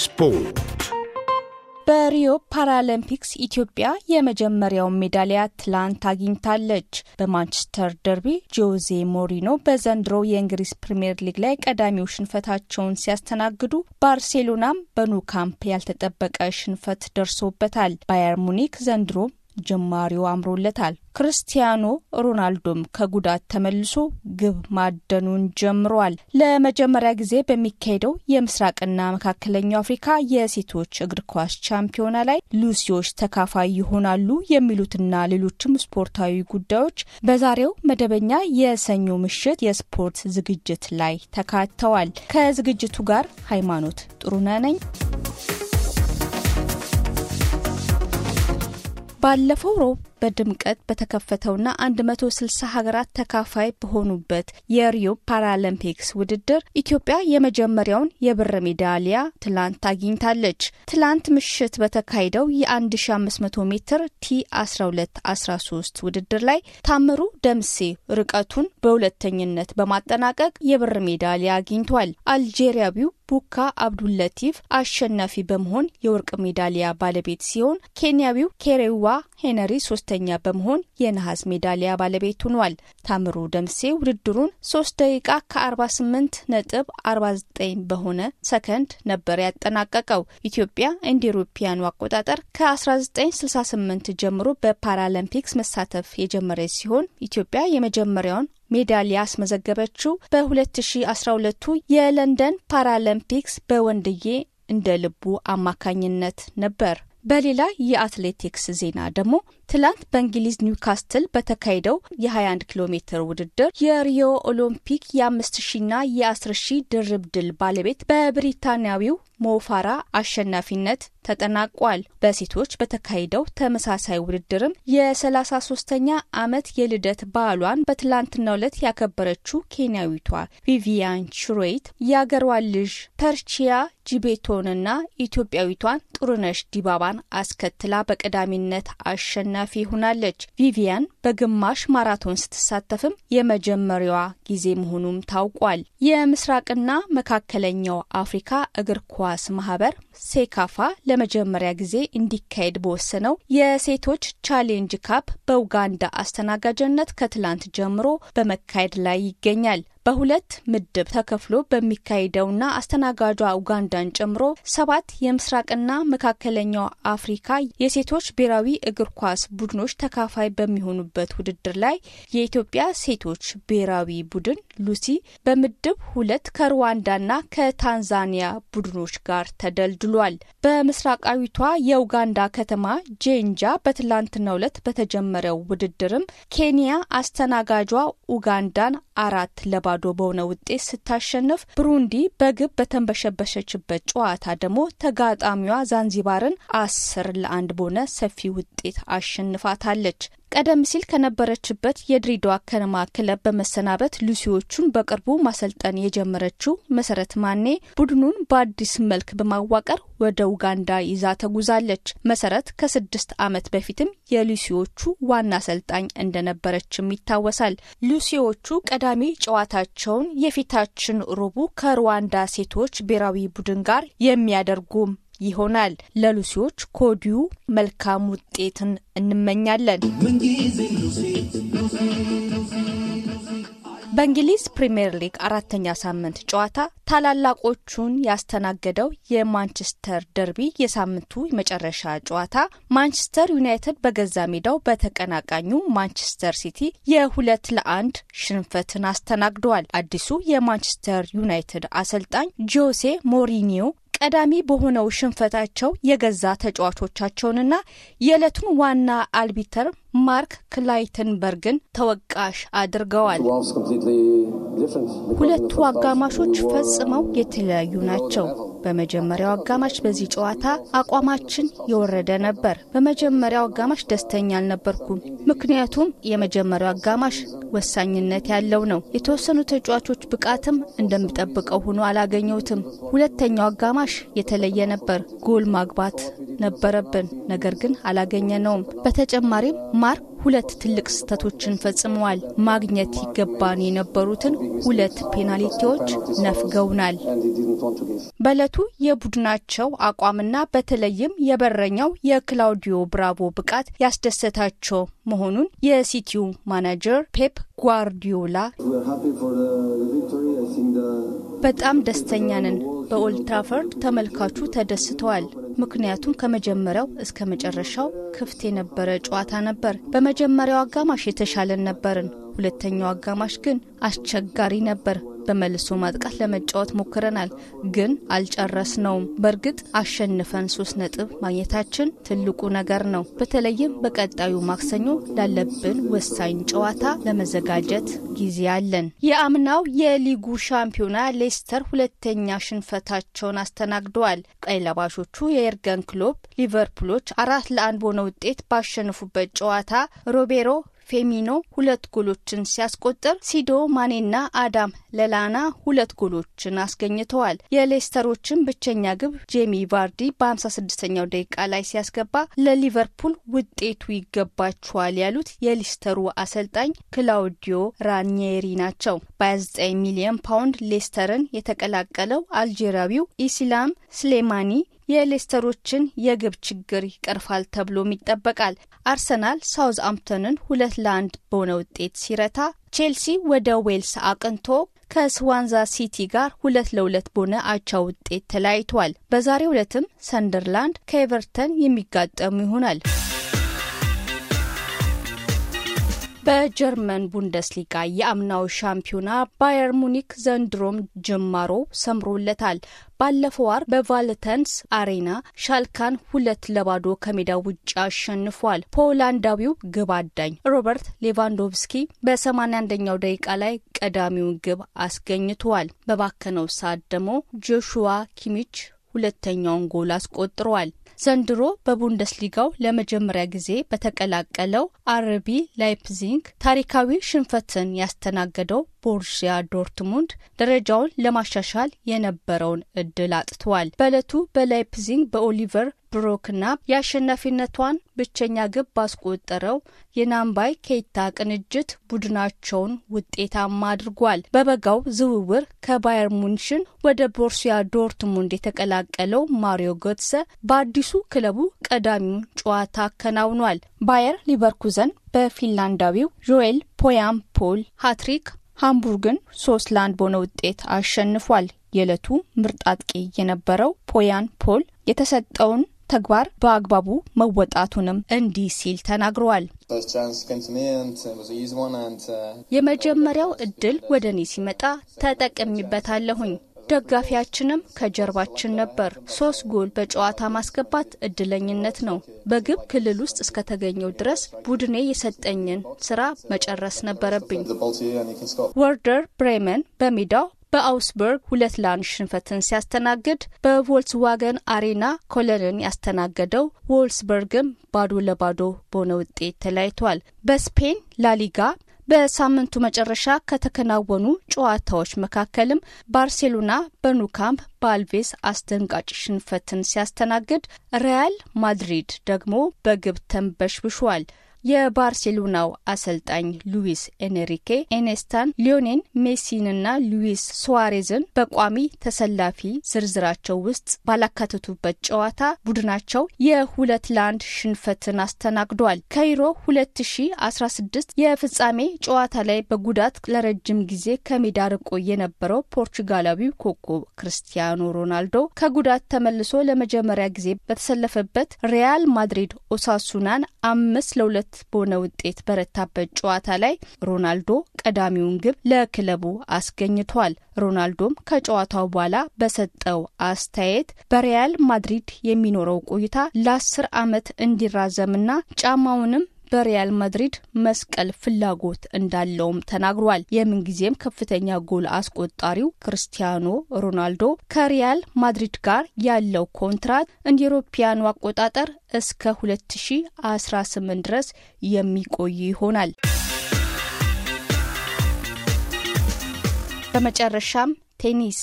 ስፖርት በሪዮ ፓራሊምፒክስ ኢትዮጵያ የመጀመሪያውን ሜዳሊያ ትላንት አግኝታለች። በማንቸስተር ደርቢ ጆዜ ሞሪኖ በዘንድሮ የእንግሊዝ ፕሪምየር ሊግ ላይ ቀዳሚው ሽንፈታቸውን ሲያስተናግዱ፣ ባርሴሎናም በኑ ካምፕ ያልተጠበቀ ሽንፈት ደርሶበታል። ባየር ሙኒክ ዘንድሮም ጀማሪው አምሮለታል። ክርስቲያኖ ሮናልዶም ከጉዳት ተመልሶ ግብ ማደኑን ጀምሯል። ለመጀመሪያ ጊዜ በሚካሄደው የምስራቅና መካከለኛው አፍሪካ የሴቶች እግር ኳስ ቻምፒዮና ላይ ሉሲዎች ተካፋይ ይሆናሉ የሚሉትና ሌሎችም ስፖርታዊ ጉዳዮች በዛሬው መደበኛ የሰኞ ምሽት የስፖርት ዝግጅት ላይ ተካተዋል። ከዝግጅቱ ጋር ሃይማኖት ጥሩነህ ነኝ። ባለፈው ሮብ በድምቀት በተከፈተውና 160 ሀገራት ተካፋይ በሆኑበት የሪዮ ፓራሊምፒክስ ውድድር ኢትዮጵያ የመጀመሪያውን የብር ሜዳሊያ ትላንት አግኝታለች። ትላንት ምሽት በተካሄደው የ1500 ሜትር ቲ 1213 ውድድር ላይ ታምሩ ደምሴ ርቀቱን በሁለተኝነት በማጠናቀቅ የብር ሜዳሊያ አግኝቷል። አልጄሪያዊው ቡካ አብዱለቲፍ አሸናፊ በመሆን የወርቅ ሜዳሊያ ባለቤት ሲሆን ኬንያዊው ኬሬዋ ሄነሪ ሶስተ ሁለተኛ በመሆን የነሐስ ሜዳሊያ ባለቤት ሆኗል። ታምሩ ደምሴ ውድድሩን 3 ደቂቃ ከ48 ነጥብ 49 በሆነ ሰከንድ ነበር ያጠናቀቀው። ኢትዮጵያ እንደ ኢሮፓያኑ አቆጣጠር ከ1968 ጀምሮ በፓራሊምፒክስ መሳተፍ የጀመረች ሲሆን ኢትዮጵያ የመጀመሪያውን ሜዳሊያ አስመዘገበችው በ2012 የለንደን ፓራሊምፒክስ በወንድዬ እንደ ልቡ አማካኝነት ነበር። በሌላ የአትሌቲክስ ዜና ደግሞ ትላንት በእንግሊዝ ኒውካስትል በተካሄደው የ21 ኪሎ ሜትር ውድድር የሪዮ ኦሎምፒክ የ5000ና የ10000 ድርብ ድል ባለቤት በብሪታንያዊው ሞፋራ አሸናፊነት ተጠናቋል። በሴቶች በተካሄደው ተመሳሳይ ውድድርም የ33ኛ ዓመት የልደት በዓሏን በትላንትናው ዕለት ያከበረችው ኬንያዊቷ ቪቪያን ቹሬት የአገሯን ልጅ ፐርቺያ ጂቤቶንና ኢትዮጵያዊቷን ጥሩነሽ ዲባባን አስከትላ በቀዳሚነት አሸናፊ አሸናፊ ሆናለች። ቪቪያን በግማሽ ማራቶን ስትሳተፍም የመጀመሪያዋ ጊዜ መሆኑም ታውቋል። የምስራቅና መካከለኛው አፍሪካ እግር ኳስ ማህበር ሴካፋ ለመጀመሪያ ጊዜ እንዲካሄድ በወሰነው የሴቶች ቻሌንጅ ካፕ በኡጋንዳ አስተናጋጅነት ከትላንት ጀምሮ በመካሄድ ላይ ይገኛል። በሁለት ምድብ ተከፍሎ በሚካሄደውና አስተናጋጇ ኡጋንዳን ጨምሮ ሰባት የምስራቅና መካከለኛው አፍሪካ የሴቶች ብሔራዊ እግር ኳስ ቡድኖች ተካፋይ በሚሆኑበት ውድድር ላይ የኢትዮጵያ ሴቶች ብሔራዊ ቡድን ሉሲ በምድብ ሁለት ከሩዋንዳና ከታንዛኒያ ቡድኖች ጋር ተደልድሏል። በምስራቃዊቷ የኡጋንዳ ከተማ ጄንጃ በትላንትናው ዕለት በተጀመረው ውድድርም ኬንያ አስተናጋጇ ኡጋንዳን አራት ለባ ለባዶ በሆነ ውጤት ስታሸንፍ ብሩንዲ በግብ በተንበሸበሸችበት ጨዋታ ደግሞ ተጋጣሚዋ ዛንዚባርን አስር ለአንድ በሆነ ሰፊ ውጤት አሸንፋታለች። ቀደም ሲል ከነበረችበት የድሬዳዋ ከነማ ክለብ በመሰናበት ሉሲዎቹን በቅርቡ ማሰልጠን የጀመረችው መሰረት ማኔ ቡድኑን በአዲስ መልክ በማዋቀር ወደ ኡጋንዳ ይዛ ተጉዛለች። መሰረት ከስድስት ዓመት በፊትም የሉሲዎቹ ዋና አሰልጣኝ እንደነበረችም ይታወሳል። ሉሲዎቹ ቀዳሚ ጨዋታቸውን የፊታችን ሮቡ ከሩዋንዳ ሴቶች ብሔራዊ ቡድን ጋር የሚያደርጉም። ይሆናል። ለሉሲዎች ከወዲሁ መልካም ውጤትን እንመኛለን። በእንግሊዝ ፕሪምየር ሊግ አራተኛ ሳምንት ጨዋታ ታላላቆቹን ያስተናገደው የማንቸስተር ደርቢ የሳምንቱ መጨረሻ ጨዋታ ማንቸስተር ዩናይትድ በገዛ ሜዳው በተቀናቃኙ ማንቸስተር ሲቲ የሁለት ለአንድ ሽንፈትን አስተናግደዋል። አዲሱ የማንቸስተር ዩናይትድ አሰልጣኝ ጆሴ ሞሪኒዮ ቀዳሚ በሆነው ሽንፈታቸው የገዛ ተጫዋቾቻቸውንና የዕለቱን ዋና አልቢተር ማርክ ክላይተንበርግን ተወቃሽ አድርገዋል። ሁለቱ አጋማሾች ፈጽመው የተለያዩ ናቸው። በመጀመሪያው አጋማሽ በዚህ ጨዋታ አቋማችን የወረደ ነበር። በመጀመሪያው አጋማሽ ደስተኛ አልነበርኩም፣ ምክንያቱም የመጀመሪያው አጋማሽ ወሳኝነት ያለው ነው። የተወሰኑ ተጫዋቾች ብቃትም እንደምጠብቀው ሆኖ አላገኘሁትም። ሁለተኛው አጋማሽ የተለየ ነበር። ጎል ማግባት ነበረብን፣ ነገር ግን አላገኘነውም። በተጨማሪም ማርክ ሁለት ትልቅ ስህተቶችን ፈጽመዋል። ማግኘት ይገባን የነበሩትን ሁለት ፔናልቲዎች ነፍገውናል። በዕለቱ የቡድናቸው አቋምና በተለይም የበረኛው የክላውዲዮ ብራቮ ብቃት ያስደሰታቸው መሆኑን የሲቲው ማናጀር ፔፕ ጓርዲዮላ በጣም ደስተኛ ነን። በኦልትራፈርድ ተመልካቹ ተደስተዋል። ምክንያቱም ከመጀመሪያው እስከ መጨረሻው ክፍት የነበረ ጨዋታ ነበር። በመጀመሪያው አጋማሽ የተሻለን ነበርን። ሁለተኛው አጋማሽ ግን አስቸጋሪ ነበር። በመልሶ ማጥቃት ለመጫወት ሞክረናል፣ ግን አልጨረስነውም። በእርግጥ አሸንፈን ሶስት ነጥብ ማግኘታችን ትልቁ ነገር ነው። በተለይም በቀጣዩ ማክሰኞ ላለብን ወሳኝ ጨዋታ ለመዘጋጀት ጊዜ አለን። የአምናው የሊጉ ሻምፒዮና ሌስተር ሁለተኛ ሽንፈታቸውን አስተናግደዋል። ቀይ ለባሾቹ የኤርገን ክሎብ ሊቨርፑሎች አራት ለአንድ በሆነ ውጤት ባሸነፉበት ጨዋታ ሮቤሮ ፌሚኖ ሁለት ጎሎችን ሲያስቆጥር ሲዶ ማኔና አዳም ለላና ሁለት ጎሎችን አስገኝተዋል። የሌስተሮችን ብቸኛ ግብ ጄሚ ቫርዲ በ ስድስተኛው ኛው ደቂቃ ላይ ሲያስገባ ለሊቨርፑል ውጤቱ ይገባቸዋል ያሉት የሊስተሩ አሰልጣኝ ክላውዲዮ ራኒየሪ ናቸው። በ29 ሚሊዮን ፓውንድ ሌስተርን የተቀላቀለው አልጄሪያዊው ኢስላም ስሌማኒ የሌስተሮችን የግብ ችግር ይቀርፋል ተብሎም ይጠበቃል። አርሰናል ሳውዝ አምፕተንን ሁለት ለአንድ በሆነ ውጤት ሲረታ፣ ቼልሲ ወደ ዌልስ አቅንቶ ከስዋንዛ ሲቲ ጋር ሁለት ለሁለት በሆነ አቻ ውጤት ተለያይቷል። በዛሬው ዕለትም ሰንደርላንድ ከኤቨርተን የሚጋጠሙ ይሆናል። በጀርመን ቡንደስሊጋ የአምናው ሻምፒዮና ባየር ሙኒክ ዘንድሮም ጅማሮ ሰምሮለታል። ባለፈው ዋር በቫልተንስ አሬና ሻልካን ሁለት ለባዶ ከሜዳ ውጭ አሸንፏል። ፖላንዳዊው ግብ አዳኝ ሮበርት ሌቫንዶቭስኪ በ81ኛው ደቂቃ ላይ ቀዳሚውን ግብ አስገኝቷል። በባከነው ሰዓት ደግሞ ጆሹዋ ኪሚች ሁለተኛውን ጎል አስቆጥሯል። ዘንድሮ በቡንደስሊጋው ለመጀመሪያ ጊዜ በተቀላቀለው አርቢ ላይፕዚንግ ታሪካዊ ሽንፈትን ያስተናገደው ቦሩሲያ ዶርትሙንድ ደረጃውን ለማሻሻል የነበረውን እድል አጥቷል። በዕለቱ በላይፕዚንግ በኦሊቨር ብሮክና የአሸናፊነቷን ብቸኛ ግብ ባስቆጠረው የናምባይ ኬይታ ቅንጅት ቡድናቸውን ውጤታማ አድርጓል። በበጋው ዝውውር ከባየር ሙንሽን ወደ ቦርሲያ ዶርትሙንድ የተቀላቀለው ማሪዮ ጎትሰ በአዲሱ ክለቡ ቀዳሚውን ጨዋታ አከናውኗል። ባየር ሊቨርኩዘን በፊንላንዳዊው ጆኤል ፖያም ፖል ሃትሪክ ሃምቡርግን ሶስት ለአንድ በሆነ ውጤት አሸንፏል። የዕለቱ ምርጥ አጥቂ የነበረው ፖያን ፖል የተሰጠውን ተግባር በአግባቡ መወጣቱንም እንዲህ ሲል ተናግረዋል። uh, uh, የመጀመሪያው እድል ወደ እኔ ሲመጣ ተጠቅሚበታለሁኝ። ደጋፊያችንም ከጀርባችን ነበር። ሶስት ጎል በጨዋታ ማስገባት እድለኝነት ነው። በግብ ክልል ውስጥ እስከተገኘው ድረስ ቡድኔ የሰጠኝን ስራ መጨረስ ነበረብኝ። ወርደር ብሬመን በሜዳው በአውስበርግ ሁለት ለአንድ ሽንፈትን ሲያስተናግድ በቮልስዋገን አሬና ኮለንን ያስተናገደው ቮልስበርግም ባዶ ለባዶ በሆነ ውጤት ተለያይቷል። በስፔን ላሊጋ በሳምንቱ መጨረሻ ከተከናወኑ ጨዋታዎች መካከልም ባርሴሎና በኑካምፕ በአልቬስ አስደንጋጭ ሽንፈትን ሲያስተናግድ፣ ሪያል ማድሪድ ደግሞ በግብ ተንበሽብሿል። የባርሴሎናው አሰልጣኝ ሉዊስ ኤንሪኬ ኤኔስታን፣ ሊዮኔን ሜሲንና ሉዊስ ሱዋሬዝን በቋሚ ተሰላፊ ዝርዝራቸው ውስጥ ባላካተቱበት ጨዋታ ቡድናቸው የሁለት ለአንድ ሽንፈትን አስተናግዷል። ካይሮ 2016 የፍጻሜ ጨዋታ ላይ በጉዳት ለረጅም ጊዜ ከሜዳ ርቆ የነበረው ፖርቹጋላዊው ኮከብ ክርስቲያኖ ሮናልዶ ከጉዳት ተመልሶ ለመጀመሪያ ጊዜ በተሰለፈበት ሪያል ማድሪድ ኦሳሱናን አምስት ለሁለት ሁለት በሆነ ውጤት በረታበት ጨዋታ ላይ ሮናልዶ ቀዳሚውን ግብ ለክለቡ አስገኝቷል። ሮናልዶም ከጨዋታው በኋላ በሰጠው አስተያየት በሪያል ማድሪድ የሚኖረው ቆይታ ለአስር ዓመት እንዲራዘምና ጫማውንም በሪያል ማድሪድ መስቀል ፍላጎት እንዳለውም ተናግሯል። የምንጊዜም ከፍተኛ ጎል አስቆጣሪው ክርስቲያኖ ሮናልዶ ከሪያል ማድሪድ ጋር ያለው ኮንትራት እንደ አውሮፓውያኑ አቆጣጠር እስከ 2018 ድረስ የሚቆይ ይሆናል። በመጨረሻም ቴኒስ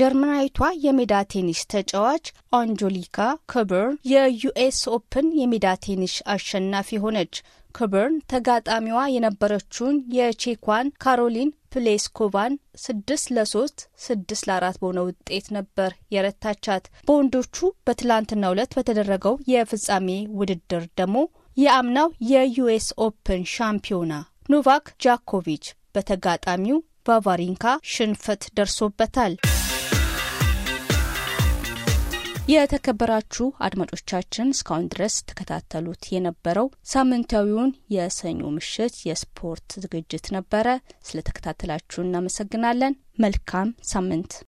ጀርመናዊቷ የሜዳ ቴኒስ ተጫዋች አንጆሊካ ከበርን የዩኤስ ኦፕን የሜዳ ቴኒስ አሸናፊ ሆነች። ከበርን ተጋጣሚዋ የነበረችውን የቼኳን ካሮሊን ፕሌስኮቫን ስድስት ለሶስት ስድስት ለአራት በሆነ ውጤት ነበር የረታቻት። በወንዶቹ በትላንትናው ዕለት በተደረገው የፍጻሜ ውድድር ደግሞ የአምናው የዩኤስ ኦፕን ሻምፒዮና ኖቫክ ጃኮቪች በተጋጣሚው ቫቫሪንካ ሽንፈት ደርሶበታል። የተከበራችሁ አድማጮቻችን እስካሁን ድረስ ተከታተሉት የነበረው ሳምንታዊውን የሰኞ ምሽት የስፖርት ዝግጅት ነበረ። ስለተከታተላችሁ እናመሰግናለን። መልካም ሳምንት።